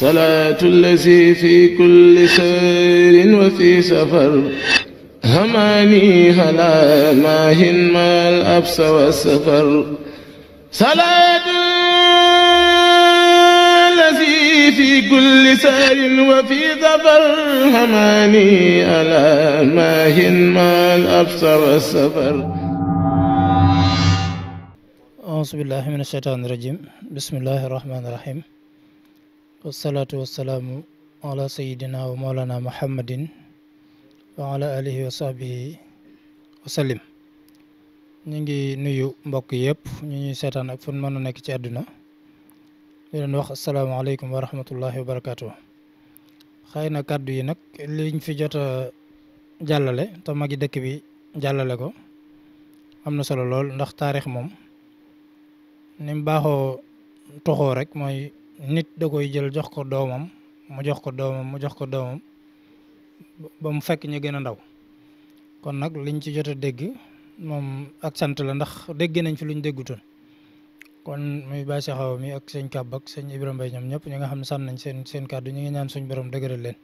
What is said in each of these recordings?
salaatu allazi fi kulli sayrin wa fi safar hamaani halaa maahin maal absa wa safar salaatu allazi fi kulli sayrin wa fi safar hamaani halaa maahin maal absa wa safar auzu billaahi mina shaytaani rajiim bismillaahi rahmaani rahiim wasalaatu wasalaamu ala sayidina wa moolana muhammadin wa ala wa sahbihi wasallim ñu ngi nuyu mbokk yëpp ñu ñuy seetaan ak fu mën a nekk ci àdduna di leen wax asalaamaaleykum wa rahmatullahi wa barakaatu xëy na kàddu yi nag liñ fi jot a jàllale te magi dëkk bi jàllale ko am na solo lool ndax taarix moom ni mu baaxoo toxoo nit da koy jël jox ko doomam mu jox ko doomam mu jox ko doomam ba mu fekk ñu gën a ndaw kon nag liñ ci jot dégg moom ak sant la ndax dégg nañ fi luñ déggutoon kon muy Baye Cheikh Awa ak sëñ Kàbb ak sëñ Ibrahima Mbaye ñoom ñëpp ñi nga xam ne sànn nañ seen seen kàddu ñu ngi ñaan suñ borom dëgëral leen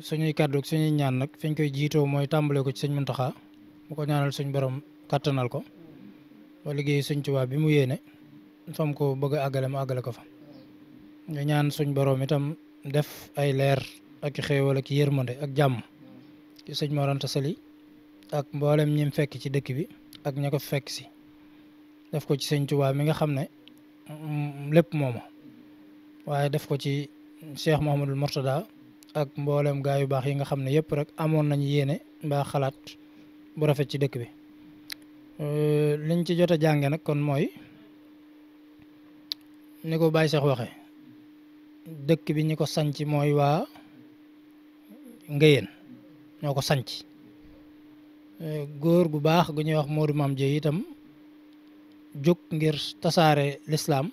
suñuy kàddu ak suñuy ñaan nag fiñ koy jiitoo mooy tàmbale ko ci sëñ Muntaxa mu ko ñaanal suñ borom kàttanal ko ba liggéey sëñ Tuubaa bi mu yéene fam ko bëgg a mu àggale ko fa nga ñaan suñ boroom itam def ay leer ak xéewal ak yërmande ak jàmm ci sëñ Mor Anta Sali ak mboolem ñim fekk ci dëkk bi ak ña ko fekk si def ko ci sëñ Tuubaa mi nga xam ne mm, lépp mooma waaye def ko ci Cheikh Mouhamadul Mourtada ak mboolem gaa yu baax yi nga xam ne yëpp rek amoon nañ yéene mbaax xalaat bu rafet ci dëkk bi liñ ci jot a jànge nag kon mooy ni ko Baye Cheikh waxee dëkk bi ñu ko sañc mooy waa ngéyeen ñoo ko sanc eh, góor gu baax gu ñuy wax Modou Mame Dieye itam jóg ngir tasaare lislaam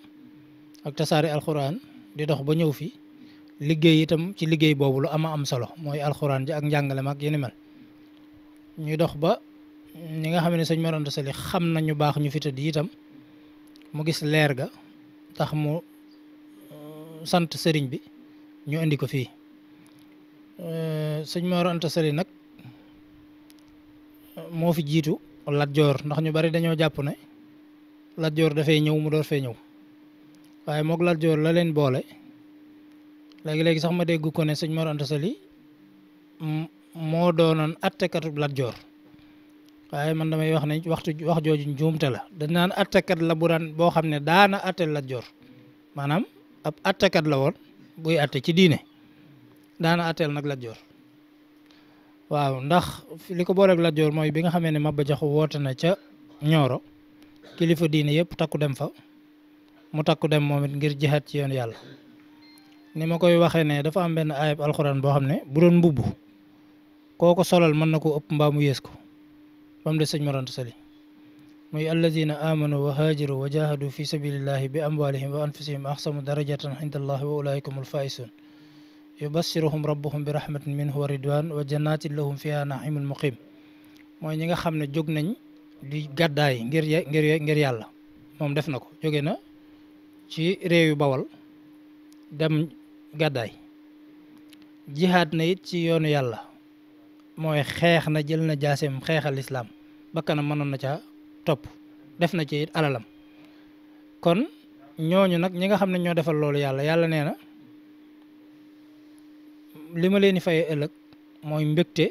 ak tasaare alxuraan di dox ba ñëw fi liggéey yitam ci liggéey boobu lu ama am solo mooy alxuraan ji ak njàngale mag yéni mel ñuy dox ba ñi nga xam ne sëñ Mor Anta Sali xam baax ñu fi tëdd itam mu gis leer ga tax mu sant sëriñ bi ñu indi ko fii euh, sëñ Mor Anta Sali nag moo fi jiitu Lat Joor ndax ñu bari dañoo jàpp na Lat Joor dafay ñëw mu door fee ñëw waaye moog Lat Joor la leen boole léegi-léegi sax ma dégg ko ne sëñ Mor Anta Sali moo doonoon attekatub Lat Joor waaye man damay wax ne waxtu wax jooju njuumte la dañ naan attekat la bu boo xam ne daana attel Lat Joor ab attekat la woon buy atte ci diine daana atteel nag Lat Joor waaw ndax li ko booleeg Lat Joor mooy bi nga xamee ne Maba Jaxu woote na ca Ñooro kilifa diine yëpp takku dem fa mu takku dem moom ngir jihaat ci yoon yàlla ni ma koy waxee ne dafa am benn ayab alxuraan boo xam ne bu doon mbubb koo solal mën na ko ëpp mbaa mu yées ko ba mu des sëñ Mor Anta muy alladina amanu wa haajaru wa jahadu fi sabilillahi bi amwalihim wa anfusihim ahsanu darajatan inda allahi wa ulaikum alfaisun yubassiruhum rabbuhum bi rahmatin minhu wa ridwan wa jannatin lahum fiha naimun muqim mooy ñi nga xam ne jóg nañ di gàddaay ngir ngir ngir yàlla moom def na ko jóge na ci réew yu bawal dem gàddaay jihaad na it ci yoonu yàlla mooy xeex na jël na jaaseem xeexal islaam bakkanam mënoon na ca topp def na ci it alalam kon ñooñu nag ñi nga xam ne ñoo defal loolu yàlla yàlla nee na li ma leen di fayee ëllëg mooy mbégte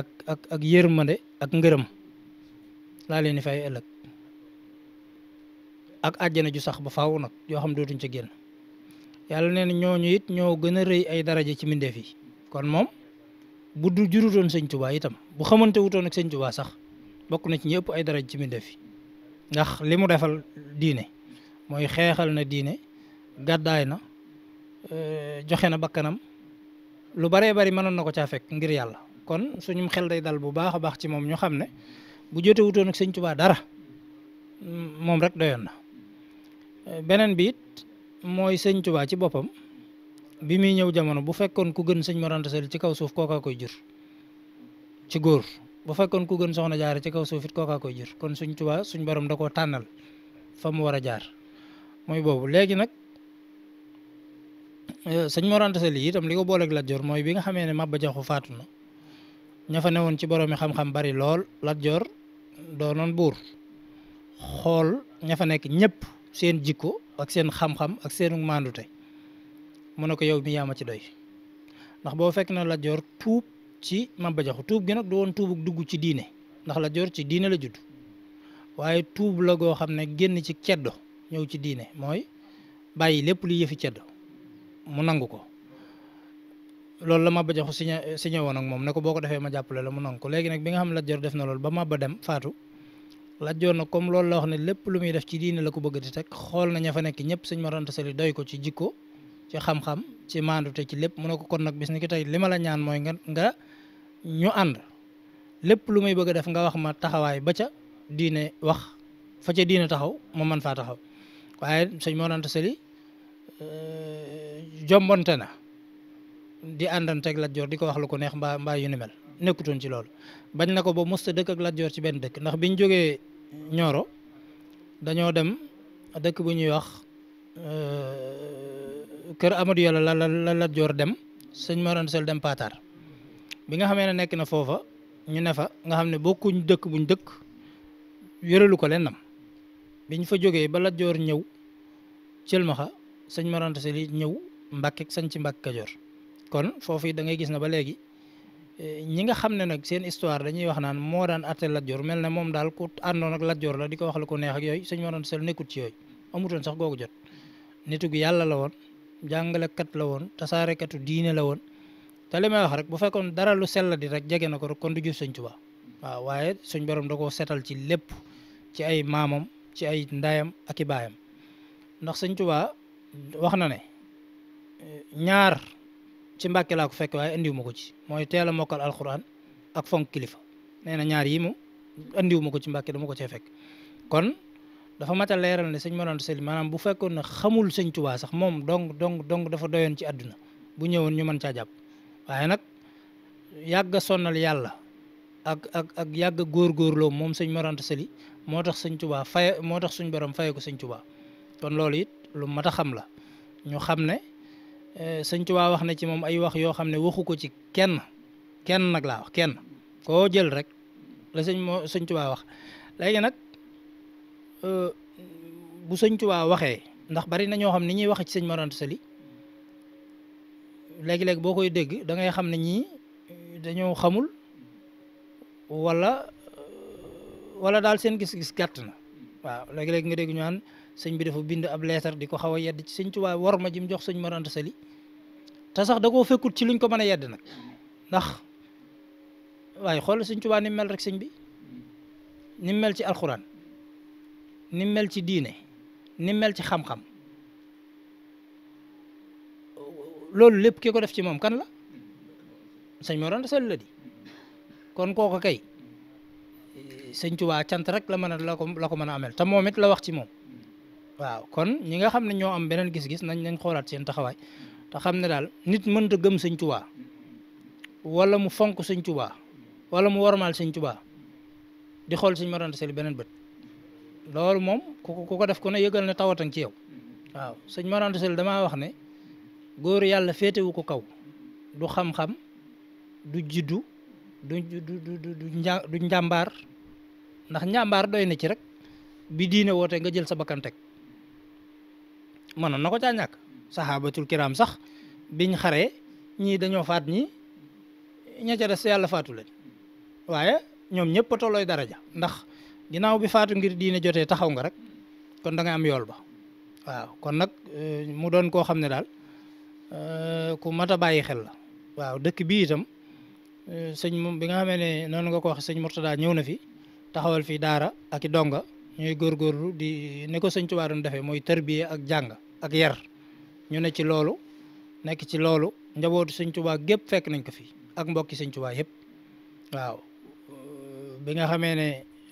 ak ak ak yërmande ak ngërëm laa leen di fayee ëllëg ak àjjana ju sax ba faaw nag yoo xam dootuñ ci génn yàlla nee ñooñu it ñoo gën a rëy ay daraja ci mbindeef yi kon moom bu jurutoon sëñ Tuubaa itam bu xamante ak sëñ Tuubaa sax bokk na ci ñëpp ay dara ci mbindeef yi ndax li mu defal diine mooy xeexal na diine gàddaay na euh, joxe na bakkanam lu baree bari mënoon na ko caa fekk ngir yàlla kon suñum xel day dal bu baax a baax ci moom ñu xam ne bu jote wutoon ak sëñ Tuubaa dara moom rek doyoon na beneen bi mooy sëñ Tuubaa ci boppam bi muy ñëw jamono bu fekkoon ku gën sëñ Mor Anta ci kaw suuf kooka koy jur ci góor bu fekkoon ku gën soxna jaara ci kaw suuf it jur kon suñ tubaa suñ borom da koo tànnal fa mu war a jaar mooy boobu léegi nag eh, sëñ Mor Anta Sali itam li ko booleeg Lat Joor mooy bi nga xamee ne Maba Jaxu faatu na ña newoon ci boroomi xam-xam bari lool Lat Joor doonoon buur xool ña fa nekk ñëpp seen jikko ak seen xam-xam ak seenu maandute mu ne ko yow mi yaama ci doy ndax boo fekk na Lat tuub ci Maba Jaxu tuub gi nag du woon tuubug dugg ci diine ndax Lat ci diine la judd waaye tuub la goo xam ne génn ci ceddo ñëw ci diine mooy bàyyi lépp lu yëfi ceddo mu nangu ko loolu la Maba Jaxu signé signé woon ak moom ne ko boo ko defee ma jàppale la mu nangu ko léegi bi nga xam ne Lat Joor def na loolu ba Maba dem faatu Lat Joor nag comme loolu lépp lu muy def ci diine la ko bëgg di teg xool na ña fa nekk ñëpp Sëñ Mor Anta Sali doy ko ci jikko ci xam-xam ci maandu te ci lépp mu ne ko kon nag bis ni ki tey li la ñaan mooy nga ñu ànd lépp lu may bëgg a def nga wax ma taxawaay ba ca diine wax fa ca diine taxaw ma man faa taxaw waaye sëñ Mor Anta Sali euh, jombonte na di àndanteeg Lat Joor di ko wax lu ko neex mbaa mbaa yu ni mel ci loolu bañ na ko ba musta dëkk ak Lat Joor ci benn dëkk ndax biñ jógee Ñooro dañoo dem dëkk bu ñuy wax euh, kër Amadou Yàlla la la Lat dem sëñ Mor Anta Sali dem Pataar bi nga xamee ne nekk na foofa ñu ne fa nga xam ne bokkuñ dëkk buñ dëkk yoralu ko leen lennam biñ fa jógee ba Lat Joor ñëw Cëlmaxa sëñ Mor Anta Sali ñëw Mbàkke sañ ci Mbàkke Kajoor kon foofu da ngay gis ne ba léegi eh, ñi nga xam ne nag seen histoire dañuy wax naan moo daan àtte Lat Joor mel ne moom daal ku àndoon ak Lat Joor la di ko wax la ko neex ak yooyu sañ Mor seen Sali nekkut ci yooyu amutoon sax googu jot nitug yàlla la woon kat la woon tasaarekatu diine la woon te li wax rek bu fekkoon dara lu sell di rek jege na ko rek kon du jub sëñ Tuubaa waaw waaye suñ borom da koo setal ci lépp ci ay maamam ci ay ndayam ak i baayam ndax sëñ wax na ne ñaar ci Mbàkke laa ko fekk waaye indiwu ma ko ci mooy teela a mokkal alxuraan ak fonk kilifa nee na ñaar yi mu indiwu ma ko ci Mbàkke dama ko cee fekk kon dafa mat a leeral ne sëñ Mor Anta Sali maanaam bu fekkoon ne xamul sëñ sax moom dong dong dong dafa doyoon ci àdduna bu ñëwoon ñu mën caa jàpp waaye nag yàgg a sonnal yàlla ak ak ak yàgg a góorgóorloo moom sëñ Mor Sali moo tax sëñ Tuubaa faye moo tax suñ borom faye ko sëñ Tuubaa kon loolu it lu mat a xam la ñu xam ne eh, sëñ Tuubaa wax na ci moom ay wax yoo xam ne waxu ko ci kenn kenn nag laa wax kenn koo jël rek la sëñ moo sëñ Tuubaa wax léegi nag eh, bu sëñ Tuubaa waxee ndax bari na ñoo xam ni ñuy wax ci sëñ Mor Anta Sali léegi-léegi boo koy dégg dangay xam ne ñii dañoo xamul walla wala daal seen gis-gis gàtt na waaw léegi-léegi nga dégg ñu naan sëñ bi dafa bind ab leetar di ko xaw a yedd ci sëñ Tuubaa war ma jim jox sëñ Mor Anta te sax da koo fekkut ci luñ ko mën a yedd nag ndax waaye xool sëñ Tuubaa ni mel rek sëñ bi ni mel ci alxuraan ni mel ci diine ni mel ci xam-xam loolu lépp ki ko def ci moom kan la sëñ Mor Anta la di kon kooku kay sëñ Tuubaa cant rek la mën a la ko la mën a amel te moom it la wax ci moom waaw kon ñi nga xam ne ñoo am beneen gis-gis nañ nañ xoolaat seen taxawaay te xam ne daal nit mënta gëm sëñ Tuubaa wala mu fonk sëñ Tuubaa wala mu wormaal sëñ Tuubaa di xool sëñ Mor Anta beneen bët loolu moom ku ko def ku ne yëgal ne tawatan ci yow waaw sëñ Mor Anta Sali wax ne. góor yàlla féetewu ko kaw du xam-xam du jiddu du du du njàmbaar ndax njàmbaar doy na ci rek bi diine woote nga jël sa bakkan teg na ko caa ñàkk saxaabatul kiram sax biñ xaree ñii dañoo faat ñi ña ca des yàlla faatu leen waaye ñoom ñëpp a tollooy daraja ndax ginnaaw bi faatu ngir diine jotee taxaw nga rek kon da am yool ba waaw kon nag euh, mu doon koo xam ne daal Euh, ku mat a bàyyi xel la waaw dëkk bi itam euh, sëñ moom bi nga xamee ne noonu nga ko wax sëñ Mourtada ñëw na fi taxawal fi daara ak i donga ñuy góorgóorlu di ne ko sëñ Tuubaa doon defee mooy tërbiye ak jàng ak yar ñu ne ci loolu nekk ci loolu njabootu sëñ Tuubaa gépp fekk nañ ko fi ak mbokki sëñ Tuubaa yëpp waaw euh, bi nga xamee ne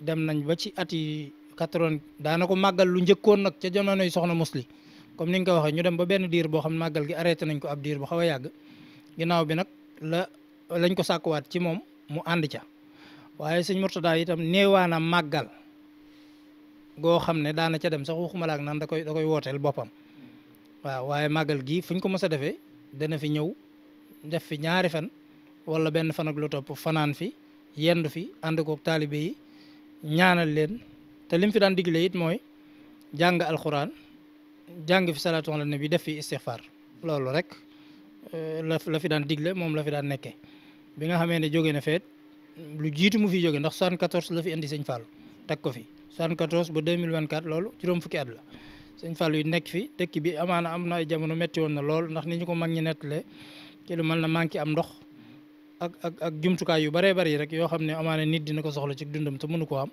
dem nañ ba ci at yi quatre-vingt daana ko màggal lu njëkkoon nag ca jamonoy soxna Musli comme ni nga ko waxee ñu dem ba benn diir boo xam ne màggal gi arrêté nañ ko ab diir bu xaw a yàgg ginnaaw bi nag la lañ ko sàkkuwaat ci moom mu ànd ca waaye sëñ Murtada itam néewaana màggal goo xam ne daana ca dem sax waxuma la ak naan da koy da koy wooteel boppam waaw waaye màggal gii fuñ ko mës a defee dana fi ñëw def fi ñaari fan wala benn fan ak lu topp fanaan fi yendu fi ànd koog taalibe yi ñaanal leen te lim fi daan digle it mooy jàng alxuraan. jàng fi salaatu na nabi def fi istixfaar loolu rek euh, la la fi daan digle moom la fi daan nekkee bi nga xamee ne jóge na feet lu jiitu mu fi jóge ndax 74 la fi indi sëñ Fall teg ko fi 74 ba 2024 loolu juróom fukki at la sëñ Fall yu nekk fi dëkk bi amaana am na jamono métti woon na lool ndax ni ñu ko mag ñi nettalee ci lu mel na manqué am ndox ak ak jumtukaay yu bëree bëri rek yoo xam ne amaana nit dina ko soxla ci dundam te mënu ko am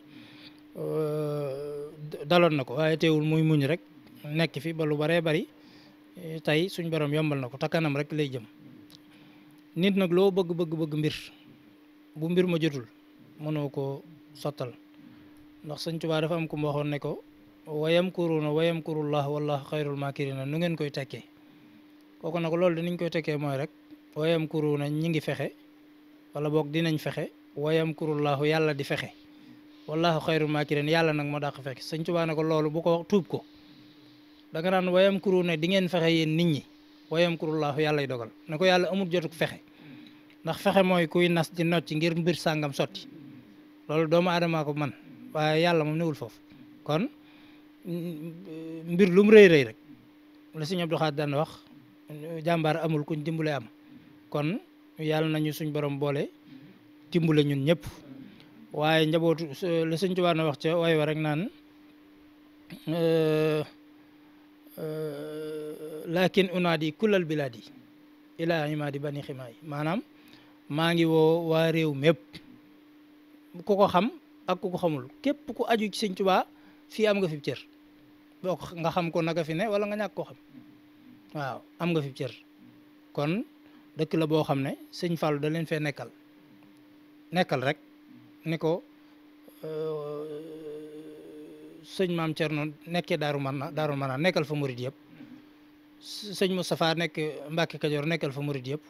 euh, daloon na ko waaye teewul muy muñ rek nekk fi ba lu baree bari tey suñ borom yombal na ko te rek lay jëm nit nag loo bëgg bëgg mbir bu mbir ma jotul mënoo ko sottal ndax sëñ Tuubaa dafa am ku mu waxoon ne ko wayam kuruuna wayam kurullah wallahu xayrul maakirina nu ngeen koy tekkee kooku nag loolu dinañ koy tekkee mooy rek wayam kuruuna ñi ngi fexe wala boog dinañ fexe wayam kurullahu yàlla di fexe wallahu xayrul maakirina yàlla nag moo dàq fexe sëñ Tuubaa ne ko loolu bu ko tuub ko da nga naan wayam kuru ne di ngeen fexe yéen nit ñi wayam kuru laahu yàllay dogal na ko yàlla amul jotuk fexe ndax fexe mooy kuy nas di nocci ngir mbir sàngam sotti loolu doomu aadamaa ko man waaye yàlla moom newul foofu kon mbir lu mu rëy rëy rek la sëñ Abdou Khadre wax jàmbaar amul kuñ dimbale am kon yàlla nañu suñ borom boole dimbale ñun ñëpp waaye njabootu la sëñ na wax ca way wa naan euh, Euh, lakin unaadi kullal bilaadi ilaa imaadi ximaay maanaam maa ngi woo waa réew mépp ku xam ak ku xamul képp ku aju ci sëñ Tuubaa fii am nga fi cër boo nga xam ko naka fi ne wala nga ñàkk koo xam waaw am nga fi cër kon dëkk boo xam ne sëñ Fallou da leen fe nekkal nekkal rek ni ko euh, sëñ maam noon nekkee daaru man daaru man nekkal fa murid yëpp sëñ Moustapha nekk Mbacke Kajoor nekkal fa murid yëpp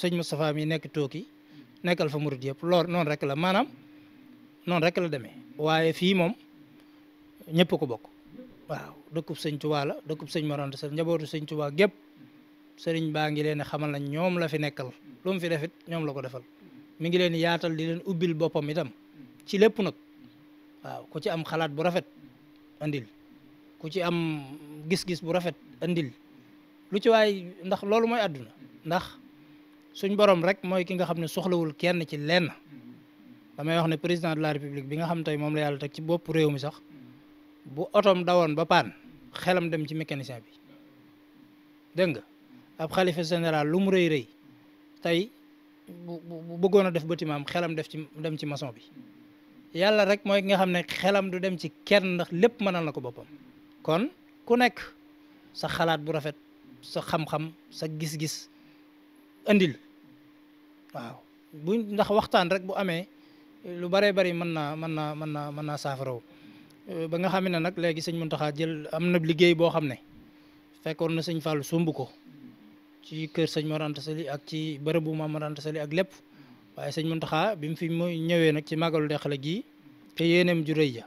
sëñ Moustapha mi nekk Tooki nekkal fa murid yëpp lool noonu rek la maanaam noonu rek la demee waaye fii moom ñëpp ko bokk waaw dëkkub sëñ Tuubaa la dëkkub sëñ Morante sa njabootu sëñ Tuubaa gépp sëriñ baa ngi leen xamal na ñoom la fi nekkal lu mu fi defit ñoom la ko defal mi ngi leen yaatal di leen ubbil boppam itam ci lépp nag waaw ku ci am xalaat bu rafet andil ku ci am gis-gis bu rafet andil lu ci waay ndax loolu mooy àdduna ndax suñ borom rek mooy ki nga xam ne soxlawul kenn ci lenn damay wax ne président de la république bi nga xam tey moom la yàlla teg ci bopp réew mi sax bu otoom dawoon ba paan xelam dem ci mécanicien bi dégg nga ab xalifa général lu mu rëy rëy tey bu bu bëggoon a def bâtiment am xelam def ci dem ci maçon bi yàlla rek mooy ki nga xam ne xelam du dem ci kenn ndax lépp mënal na ko boppam kon ku nekk sa xalaat bu rafet sa xam-xam sa gis-gis indil waaw bu ndax waxtaan rek bu amee lu bëree bëri mën naa mën naa mën naa mën naa saafaraw euh, ba nga xam ne nag léegi sëñ Muntaxa jël am na liggéey boo xam ne fekkoon na sëñ Fallou sumb ko ci kër sëñ Mor Anta Sali ak ci bërëbu Maam Mor Anta Sali ak lépp waaye sëñ Muntaxa bi mu fi mu ñëwee nag ci màggalu Dexële gii te yéeneem ju rëy ja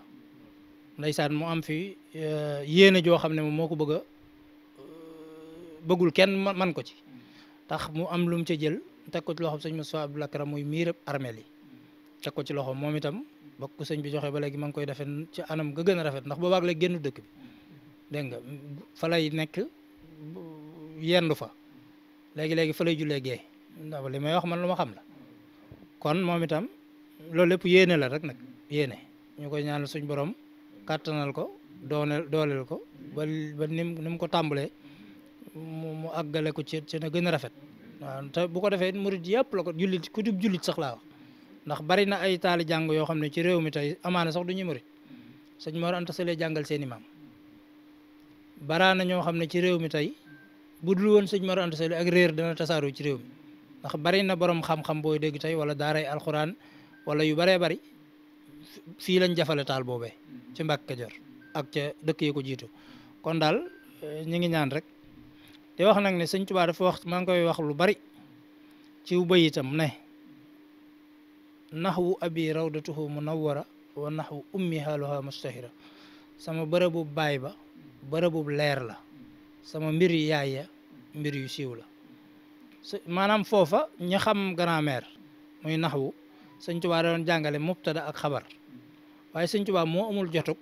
ndeysaan mu am fi eh, yéene joo xam ne moom moo ko bëgg a eh, bëggul kenn man ko ci tax mu am lu mu ca jël teg ci loxoom sëñ Moussa Abdoul Akram muy miirab armeel yi teg ko ci loxo moom itam bokk sëñ bi joxe ba léegi ma ngi koy defee ci anam ga gën a rafet ndax ba boobaag léegi génn dëkk bi dégg nga fa lay nekk yendu fa léegi léegi fa lay jullee gee ndax li may wax man lu ma xam la kon moom itam loolu lépp yéene la rek nag yéene ñu koy ñaan suñ borom kàttanal ko dooneel dooleel ko ba ba ni ko tàmbalee mu àggale ko ci ci na gën a rafet waaw te bu ko defee murid yëpp la ko jullit ku jub jullit sax laa ndax bari na ay taali jàng yoo xam ne ci réew mi tey amaana sax du ñuy murid sëñ Mor Anta Sali jàngal seen i maam baraa na ñoo xam ne ci réew mi tey bu dul woon sëñ Mor Anta Sali ak réer dana tasaaroo ci réew mi ndax bari na boroom xam-xam booy dégg tey wala daaray alxuraan wala yu baree bari fii lañ jafale taal boobee ci Mbàkke Kajoor ak ca dëkk yi ko jiitu kon daal eh, ñu ngi ñaan rek te wax nag ne sëñ Tuubaa dafa wax maa ngi koy wax lu bari ci bayitam ne naxwu abi rawdatuhu munawwara wa naxwu ummi haaluha mustahira sama bërëbub baay ba bërëbub leer la sama mbir yu yaay ya mbir yu siiw la maanaam foofa ña xam grammaire muy naxwu sëñ Tuubaa da doon jàngale mubtada ak xabar waaye sëñ Tuubaa moo amul jotug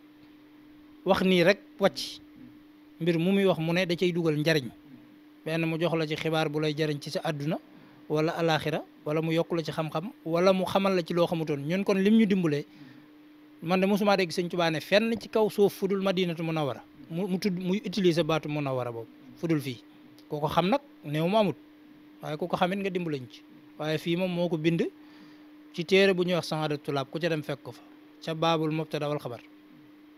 wax nii rek wacc mbir mu muy wax mu ne da cay dugal njariñ benn mu jox la ci xibaar bu lay jariñ ci sa àdduna wala alaaxira wala mu yokk la ci xam-xam wala mu xamal la ci loo xamutoon ñun kon lim ñu dimbalee man de mosuma dégg sëñ Tuubaa ne fenn ci kaw suuf fudul madinatu munawara mu tudd muy utiliser baatu munawara boobu fudul fii kooko xam nag néew mu amut waaye ku ko xamit nga dimbalañ ci waaye fii moom moo ko bind ci téere bu ñuy wax sanada tulaab ku ca dem fekk ko fa ca baabul mubtada wal xabar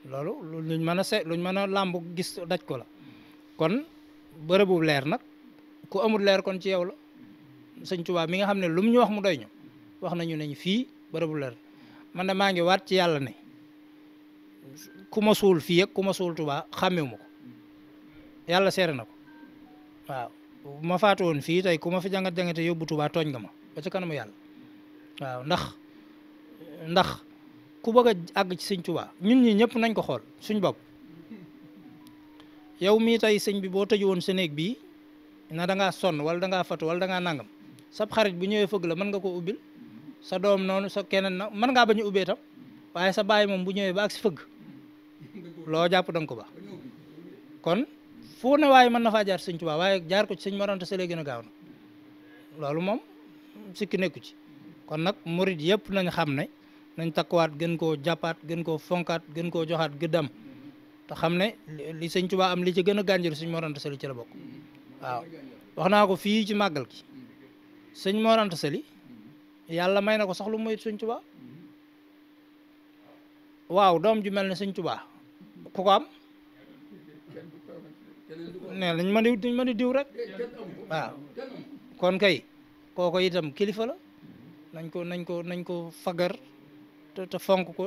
loolu luñ mën a se luñ mën a làmb gis daj ko la kon bërëbu leer nag ku amul leer kon ci yow la sëñ Tuubaa mi nga xam ne lum mu ñu wax mu doy ñu wax nañu neñ fii bërëbu leer man de maa ngi waat ci yàlla ne ku ma suul fii ak ku ma suul Tuubaa xàmmewu ma ko yàlla seere na ko waaw bu ma faatu woon fii tey ku ma fi jàngat jàngate yóbbu Tuubaa tooñ nga ma ba ca kanamu yàlla waaw ndax ndax ku bëgg a àgg ci sëñ Tuubaa ñi ñëpp nañ ko xool suñ bopp yow mii tey sëñ bi boo tëju woon sa néeg bii na da son wal wala da ngaa fatu nangam sab xarit bu ñëwee fëgg la mën nga ko ubbil sa doom noonu sa keneen na mën ngaa bañ a ubbee tam waaye sa baay moom bu ñëwee ba ak si fëgg loo jàpp danga ko kon foo ne waaye mën na faa jaar sëñ Tuubaa waaye jaar ko ci sëñ Mor Anta Sali gën a gaaw na loolu moom sikki nekku ci kon nag morit yëpp nañ xam ne nañ takkuwaat gën koo jàppaat gën koo fonkaat gën koo joxaat gëddam te xam ne li sëñ Tuubaa am li ci gën a gànjël suñ Mor Anta Sali ci bokk waaw wax naa ko fii ci màggal gi sëñ Mor Anta Sali yàlla may na ko sax lu moyit sëñ Tuubaa waaw doom ju mel ne sëñ Tuubaa ku ko am ne nañ mën a mën a diw rek waaw kon kay kooko itam kilifa la nañ ko nañ ko nañ ko fagar te fonk ko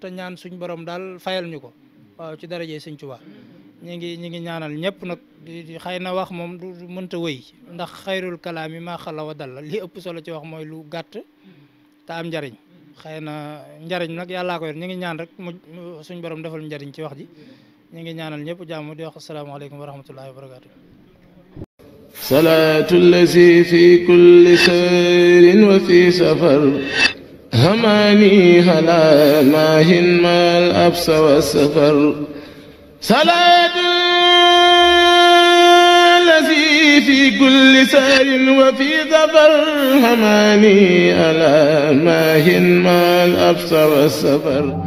te ñaan suñ borom daal fayal ñu ko waaw ci darajee Sëñ Tuubaa ñu ngi ñu ngi ñaanal ñëpp nag di xëy na wax moom du mënta woy ndax xayrul kalaam yi maa xalawa dal li ëpp solo ci wax mooy lu gàtt ta am njariñ xëy na njariñ nag yàllaa ko yor ñu ngi ñaan rek mu suñ borom defal njariñ ci wax ji ñu ngi ñaanal ñëpp jàmm di wax asalaamaaleykum wa rahmatullahi wa barakaatu salaatu lazi fi kulli sayrin wa fi safar هماني هلا ماهن ما الأبس والسفر صلاة الذي في كل سهر وفي ظفر هماني هلا ماهن ما الأبس والسفر